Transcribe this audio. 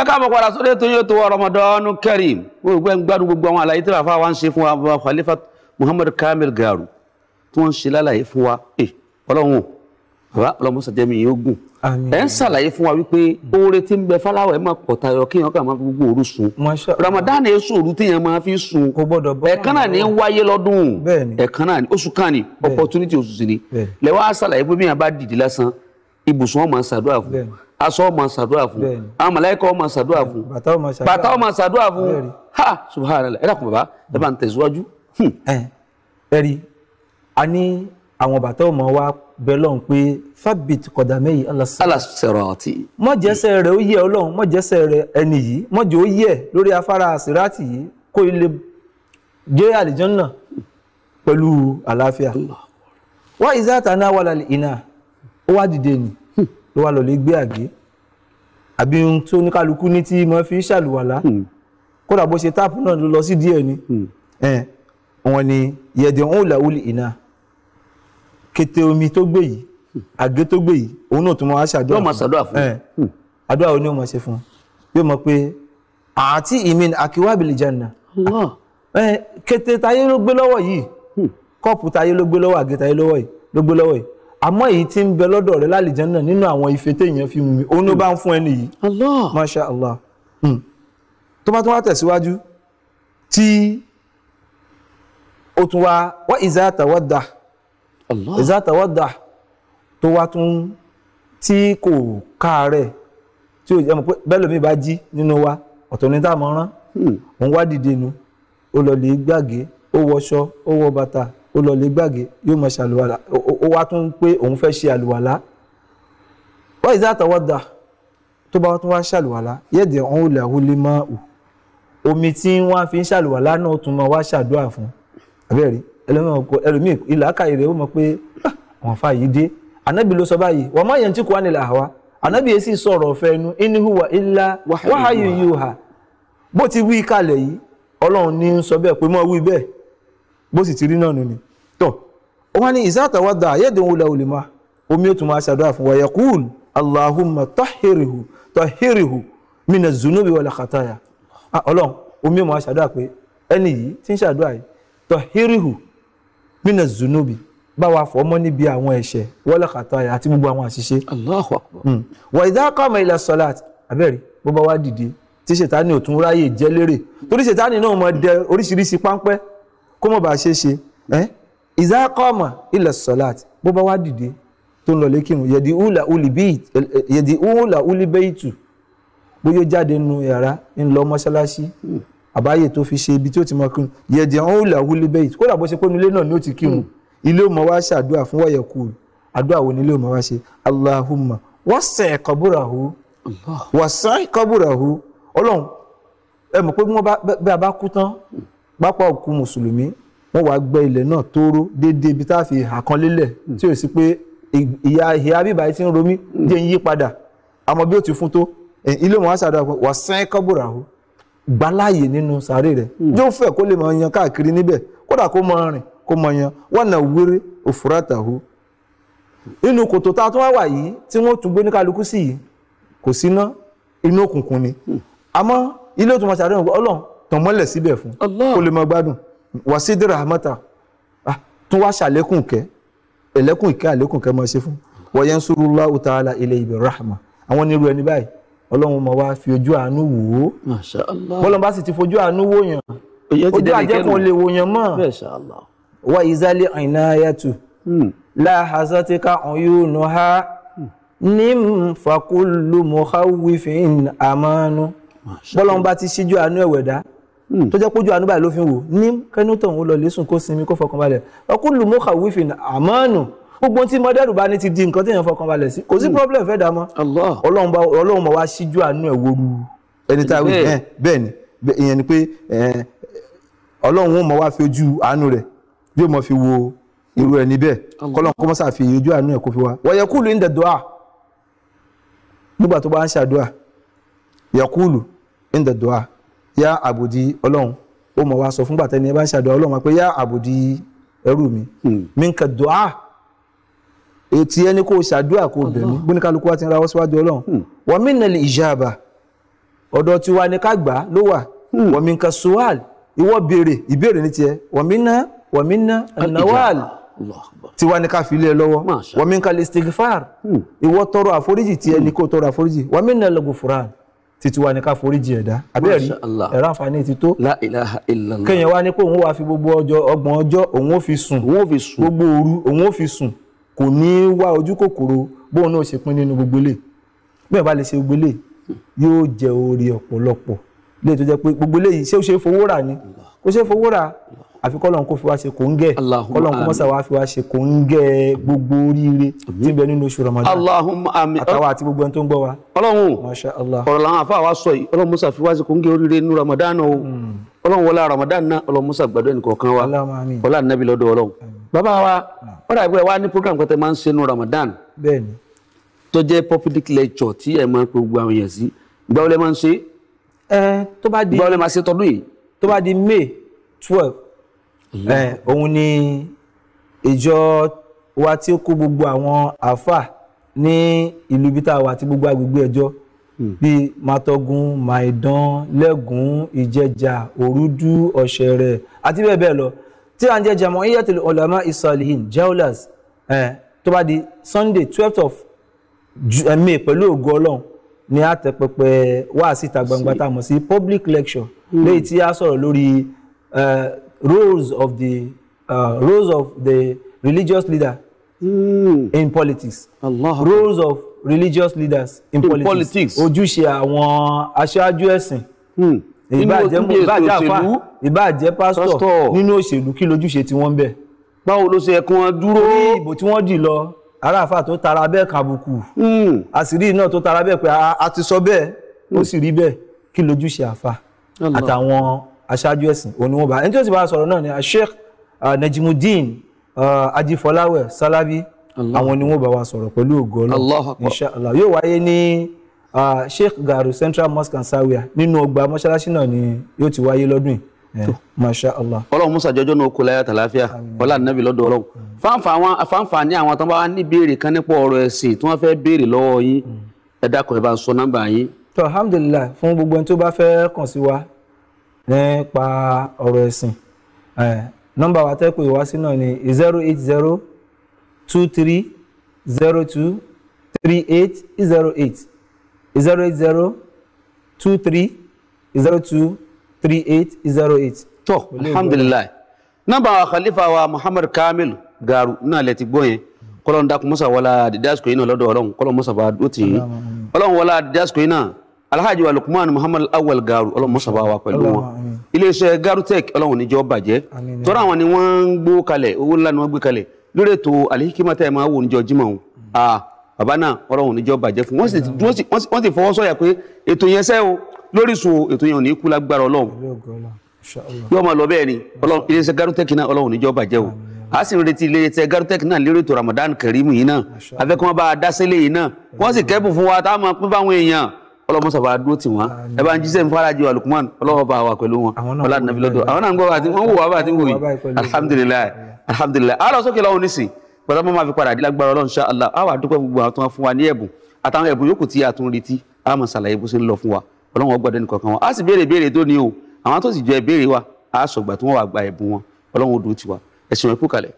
ẹ káàbọ̀ padà sórí ètò yóò tó wọ Ramadan Kareem wọn ò gbẹ́ ń gbádùn gbogbo àwọn àlàyé tí bàbá wa ń ṣe fún wa Khalifa Muhammad Kamil Garu tí wọ́n ń ṣe lálàyé fún wa eh, ọlọ́run bàbá ọlọ́run sàjẹ́ mi yóò gùn ẹ ń ṣàlàyé fún wa wípé oore tí ń bẹ fáláwọ̀ ẹ máa pọ̀ tayọ kí èèyàn kà máa fi gbogbo òru sùn Ramadan yẹn sùn òru tí èèyàn máa fi sùn ẹ̀kan náà ní wáyé lọ́dún ẹ̀kan náà ní oṣù kan ní opportunity oṣù sí ni lẹ́wọ́ á ṣàlàyé pé bí èèyàn bá dìde lásán ibùsùn wọn máa fún aṣọ ọmọ ṣàdúrà fún àwọn màláíkà ọmọ ṣàdúrà fún bàtà ọmọ ṣàdúrà fún ha subhanallah ẹ dàkún bàbá ẹ bá ń tẹ̀síwájú. Hmm. ẹ rí a ní àwọn bàtà ọmọ wa bẹ lọ́hùn pé fabit kọ̀dàmẹ́yì alasirati. mọ̀jẹsẹ̀ rẹ̀ ó yẹ ọlọ́run mọ̀jẹsẹ̀ rẹ̀ ẹni yìí mọ̀jẹ̀ ó yẹ lórí afárá sirati yìí kó ilé jẹ́ àlìjọ́nà pẹ̀lú àlàáfíà. wá ìzáàtà náà wà lálẹ́ iná ó wá dìde nìyí ló wá lọlé gbé àgé àbí ohun tó oníkálukú ní tí mo fi ṣàlùwàlá hmm. kódà bó ṣe táàpù náà ló lọ sí díẹ̀ ni hmm. wọ́n ní yẹ̀dẹ̀ òun làwùlì iná kété omi tó gbé yìí àgé tó gbé yìí òun náà tún máa ṣàdúrà fún un àdúrà òun ni ó máa ṣe fún un yóò mọ̀ pé àti ìmìn àkíwábìlì jẹ́nà kété táyé ló gbé lọ́wọ́ yìí hmm. kọ́ọ̀pù táyé ló gbé lọ́wọ́ àgé táyé ló gbé lọ́wọ́ yìí àmọ́ èyí tí ń bẹ lọ́dọ̀ rẹ lálejẹ́ náà nínú àwọn ife téèyàn fi mumi òun ló bá ń fún ẹni yìí masha allah hmm. tó bá tún wá tẹ̀síwájú tí ó tún wá wá ìzá àtàwọ́dà ìzá àtàwọ́dà tó wá tún tí kò káàárẹ̀ tí ó jẹ́ mọ̀ pé bẹ́ẹ̀ lómi bá jí nínú wa ọ̀tọ̀ ní táàmù rán hmm. òun wá dìde nu ó lọ lè gbàgé ó wọṣọ ó wọ bàtà ó lọ lè gbàgé yóò máa ṣe àlùwàlà ó wá tún pé òun fẹ́ ṣe àlùwàlà wọ́n ìdá àtàwọ́dà tó bá tún wá ṣàlùwàlà yẹ́dẹ̀ ọ̀hún ò làwọn lè máa hù omi tí wọ́n fi ń ṣàlùwàlà náà tún máa wá ṣàdúrà fún abẹ́rẹ́ ẹlòmíì ìlàkàyè rẹ̀ ó mọ̀ pé ah, àwọn afa yìí dé anabi ló sọ báyìí wọ́n máa yẹn tí kò wá nílẹ̀ àwa anabi yẹn sì sọ̀rọ̀ ọ̀fẹ́ inú inihuwa ilá wàháyù yìí hà bó ti wí kalẹ̀ yìí ọlọ́run ní ń sọ bẹ́ẹ̀ pé mọ́ wí bẹ́ẹ̀ bó sì ti rí náà nù ni tọ̀ wọ́n ní ìsáàtà wá dà yẹ́dùn wúlẹ̀ òlè ma omi ó tún máa ṣàdúrà fún wa yaqul allahumma tahirihu tahirihu mina zunubi wala khataya ah, ọlọ́run omi ó máa ṣàdúrà pé ẹni yìí tí ń ṣàdúrà yìí tahirihu mina zunubi bá wa fọ̀ mọ́ níbi àwọn ẹ̀ṣẹ̀ wala khataya àti gbogbo àwọn àṣìṣe. Allahu akbar. Hmm. wa idha qama ila salat abẹ́rẹ́ bó bá wá dìde tí ṣètánì ò ráyè jẹ́ lérè torí ṣètánì náà mọ̀ dẹ oríṣiríṣi páńpẹ́ kó mọ̀ bá ṣe ṣe ìzákọ́ọ̀mà ilẹ̀ sọ̀láàtì bó bá wá dìde tó ń lọ lékìrun yẹ̀dí húlà húlì bẹ́ẹ̀tù bóyá jáde nu yàrá ń lọ mọ́ṣáláṣí àbáyé tó fi ṣe ibi tí ó ti mọ kírun yẹ̀dí húlà húlì bẹ́ẹ̀tù kódà bó ṣe pé nílé náà ni ó ti kírun ilé ò mọ wá ṣe àdúrà fún wọ̀yẹ̀ kù àdúrà wo ni ilé ò mọ wá ṣe Allahumma wọ́sẹ̀ kọ́búràhù wọ́sẹ̀ kọ́búràhù ọlọ́run ẹ mọ̀ pé bí a bá kú tán pápá òkú mùsùlùmí wọ́n wàá gbẹ́ ilẹ̀ náà tóóró déédéé ibi tá a fi hà kan lélẹ̀ tí ò sí pé ìyá ìyá bíbá yìí ti ń romí díẹ̀ ń yí padà àmọ́ bí ó ti fún tó ilé wọn á ṣàdá wà sẹ́yìn kọ́bùrà o gbàláàyè nínú sàárè rẹ̀ hmm. yóò fẹ́ kó lè máa yan káàkiri níbẹ̀ kódà kó máa rìn kó máa yan wọ́n náà wéré òfurata o inú kòtò tá a tún wá wà yìí tí wọ́n tún gbé ní kálukú sí yìí kò sí ná inú òkùnkùn ni àmọ́ ilé òtún wọn ṣàdéhùn ọlọ́run tàn mọ́lẹ̀ síbẹ̀ fún kó lè máa gbádùn wasidi rahmata ah, tún wá ṣàlékún kẹ́ ẹ̀lẹ́kùn ìkẹ́ àlékún kẹ́ máa ṣe fún wọ́yẹ́ ń sọ̀rọ̀ láwù tààlà ilẹ̀ ibẹ̀ rahma àwọn onírú ẹni báyìí ọlọ́run mọ̀ wá fi ojú àánú wò ó Masha Allah bọ́lọ́n bá sì ti fojú àánú wò yàn ojú àjẹkùn lè wò yàn mọ́ Masha Allah wá ìzálẹ̀ àìná ayẹ́tù hmm. láhàzá tí ká ọ̀n yóò nù ha hmm. ní fakulu muhawifin amanu bọ́lọ́n bá ti ṣíjú àánú ẹ̀wẹ̀dá Hmm. tó jẹ́ pójú àánú báyìí ló fi ń wò ní kẹ́nìtàn ó lọ lẹ́sùn kó sinmi kó fọkàn balẹ̀ ọkùnrin lùmọ́kà wífin àmọ́nù gbogbo tí mọ́dẹ́rù bá ní ti di nǹkan téèyàn fọkàn balẹ̀ sí kò sí hmm. problem fẹ́ dà mọ́ ọlọ́run bá wá síjú àánú ẹ̀ woru ẹni tá a wí bẹ́ẹ̀ ni ìyẹn ni pé ọlọ́run ó mọ wá fi ojú àánú rẹ̀ yóò mọ fi wo irú ẹ̀ níbẹ̀ kọ́lọ́n kọ́ mọ́ sàfi ojú àánú ẹ̀ kó fi wá yá àbòdì ọlọ́run ó mọ̀ wá sọ fúngbà tẹ́ni ẹ bá ń ṣàdúrà ọlọ́run wa pé yá àbòdì ẹrú mi hmm. mi ń kà dùá ètí ẹni kó ṣàdúrà kó bẹ̀ mí wa ti ń rawọ́ síwájú ọlọ́run wọ́n mí nàlẹ́ ìjàbà ọ̀dọ̀ tiwa ni ká gbà ló wà hmm. wọ́n mi ń suwal ìwọ béèrè ìbéèrè ní tiẹ̀ wọ́n mí ná wọ́n mí ná nawal tiwa ni ká fi lọ́wọ́ wọ́n mi ń kà listigfar ìwọ tọrọ àforíjì tiẹ̀ ni hmm. kó tọrọ àforíjì wọ́n mí nàlẹ́ gùfúrán títí wá ní ká foríjì ẹ̀dá abẹ́rẹ́ ẹ̀rọ àǹfààní ti tó kéèyàn wá ní pé òun wá fi gbogbo ọjọ́ ọgbọ̀n ọjọ́ òun ó fi sùn gbogbo òru òun ó fi sùn kò ní í wá ojú kòkòrò bóun náà ṣe pín nínú gbogbo ilé bẹ́ẹ̀ bá lè ṣe gbogbo ilé yóò jẹ oore ọ̀pọ̀lọpọ̀ lè tó jẹ́ pé gbogbo ilé yìí ṣé ó ṣe fowó rà ni kò ṣe fowó rà àfi kọ́lọ̀ kó fi wá ṣe kòńgẹ́ kọ́lọ̀ kó mọ́sà wá fi wá ṣe kòńgẹ́ gbogbo oríire tí bẹ nínú oṣù Ramadan Allahumma àmín àtàwọn àti gbogbo ẹni tó ń gbọ́ wa. ọlọ́run ọ̀rọ̀ làwọn àfa wa sọ yìí ọlọ́run mọ́sà fi wá ṣe kòńgẹ́ oríire nínú Ramadan o hmm. ọlọ́run wọlé Ramadan náà ọlọ́run mọ́sà gbàdúrà nìkọ̀ọ̀kan wa ọlá nàbí lọ́dọ̀ ọlọ́run. Hmm. bàbá wa hmm. wọ́n dàbí wa ní program kan tẹ́ máa ń ṣe nínú Ramadan tó jẹ́ public lecture tí ẹ̀ máa ń pe di gbàwọ́lẹ̀ máa ṣe tọdún di May twelve Eh, òun ni ìjọ wa tí ó kó gbogbo àwọn àáfà ní ìlú ibi tá a wà àti gbogbo agbègbè ẹjọ́ hmm. bíi Matogun Maidan Lẹ́gùn Ìjẹ̀jà Òrúdú Ọ̀ṣẹ̀rẹ̀ àti bẹ́ẹ̀ bẹ́ẹ̀ lọ tí à ń jẹ́ Jama'iyyatul Ulama Isalihin Jaulas eh, tó bá di Sunday twelfth of eh, May pẹ̀lú ògo Ọlọ́run ni a tẹ pẹpẹ wá síta gbangba tá a mọ̀ sí public lecture hmm. léyìí tí a sọ̀rọ̀ lórí roles of the uh, roles of the religious leader mm. in politics Allah roles of religious leaders in, in politics ojúṣe àwọn aṣáájú ẹ̀sìn ìbáàjẹ́ ìbáàjẹ́ àfa ìbáàjẹ́ pásítọ̀ nínú òṣèlú kí lójúṣe tí wọ́n ń bẹ̀. báwo ló ṣe yẹ kí wọ́n dúró. orí ìbò tí wọ́n dì lọ aráàfà tó tara bẹ́ẹ̀ kàbùkù àṣírí hmm. náà tó tara bẹ́ẹ̀ pé a ti sọ bẹ́ẹ̀ ó hmm. sì rí bẹ́ẹ̀ kí lójúṣe àfa àtàwọn aṣáájú ẹ̀sìn òun ni wọ́n bá ẹni tí ó sì bá sọ̀rọ̀ náà ni uh, Sheikh uh, Najimudeen uh, Ajífọláwẹ̀ Salabi àwọn ni wọ́n bá wa sọ̀rọ̀ pẹ̀lú ògo Ọlọ́run inshallah yóò wáyé ní Sheikh Garu Central Mosque and Zawiya nínú ọgbà mọ́ṣáláṣí náà ni yóò ti wáyé lọ́dún yìí eh, masha allah. Ọlọ́run musa jọjọ náà kó láyà tàlàáfíà ọlá nàbì lọ́dọ̀ Ọlọ́run mm. fáǹfà ní àwọn tó bá wà ní béèrè kan nípa ọ̀rọ̀ ẹ̀sìn tí wọ́n fẹ́ béèrè lọ́wọ́ yín mm. ẹ dákun ẹ bá ń sọ nọ́mbà yín. alhamdulillah fún gbogbo ẹni tó bá fẹ́ kàn sí wa nípa ọ̀rọ̀ ẹ̀sìn nọ́mbà wa tẹ́kù ìwásí náà ni zero eight zero two three zero two three eight zero eight zero eight zero two three zero two three eight zero eight. tó alhamdulilayi nọ́mbà wa khalifa wa muhammad kamil garu náà lẹ ti gbọ́ yẹn kọlọ́n dákun mọ́sà wọlá dídásíkò yìí náà lọ́dọ̀ ọlọ́run kọlọ́n mọ́sà bá dó tì yín ọlọ́run wọlá dídásíkò yìí náà alhaji wa lukman muhammad awal garu ọlọ́run mọ́sàbá wa pẹ̀lú wọn iléeṣẹ́ garutech ọlọ́run níjọ́ bàjẹ́ tọ́ra àwọn ni wọ́n ń gbó kalẹ̀ owó ńlá ni wọ́n gbé kalẹ̀ lórí ètò alihikimata ẹ̀ máa wò níjọ́ jímọ̀ wọn ah, bàbá náà ọlọ́run níjọ́ bàjẹ́ fún wọ́n sì fọwọ́ sọ̀yà pé ètò yẹn sẹ́ o lórí sùn ètò yẹn ò ní kú lágbára ọlọ́run yóò máa lọ bẹ́ẹ̀ ni iléeṣẹ́ garutech náà ọlọ́run níjọ́ bàjẹ́ o a sì ń retí iléeṣẹ́ garutech náà lérò ètò ramadan karim yìí náà afẹ́kọ́ bá a dá sílé yìí náà wọ́n sì kẹ́bùn fún wa táwọn máa pín fáwọn èèyàn ọlọ́mọ sọ̀bà dúró tì wọ́n ẹ bá ń jíṣẹ́ ń fara jù alukumanu ọlọ́wọ́ bá wà pẹ̀lú wọn ọlá nàbí lọ́dọ̀ àwọn náà ń gbọ́ àti wọ́n wò wá bá àti wò yìí alhamdulilayi alhamdulilayi àwọn sókè lọ́wọ́ nísìn pẹ̀lú ọmọ máa fi padà lágbára ọlọ́run ṣá Allah àwọn àdúgbò gbogbo àwọn tó wọn fún wa ní ẹ̀bùn àtàwọn ẹ̀bùn yòókù tí a tún retí a máa ṣàlàyé bó ṣe ń lọ fún wa ọlọ́run ọgbọ́dọ̀ ní kankan wọn a sì béèrè béèrè tó ní o àwọn tó a sọ̀gbà tí wọ́n wà gba ẹ̀bùn wọn ọlọ́run odò tiwa